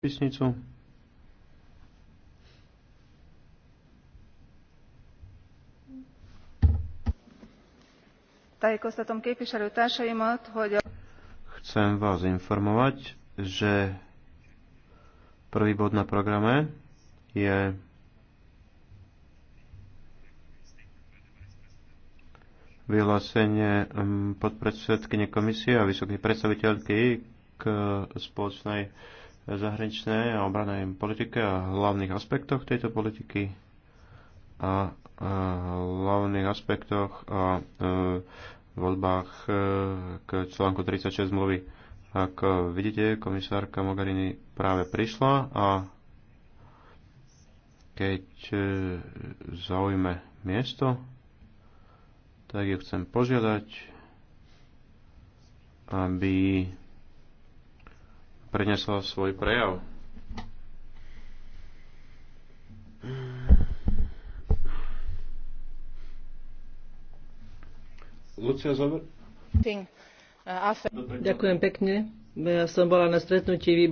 Písnicu. Tájékoztatom képviselőtársaimat, hogy a... Chcem vás informovať, že prvý bod na programe je vyhlásenie mm, podpredsedkyne komisie a vysokej predstaviteľky k spoločnej zahraničnej a obranej politike a hlavných aspektoch tejto politiky a, a hlavných aspektoch a e, voľbách e, k článku 36 zmluvy. Ako vidíte, komisárka Mogherini práve prišla a keď e, zaujme miesto, tak ju chcem požiadať, aby prenesla svoj prejav. Lucia Zober. Uh, Ďakujem pekne. Ja som bola na stretnutí výboru.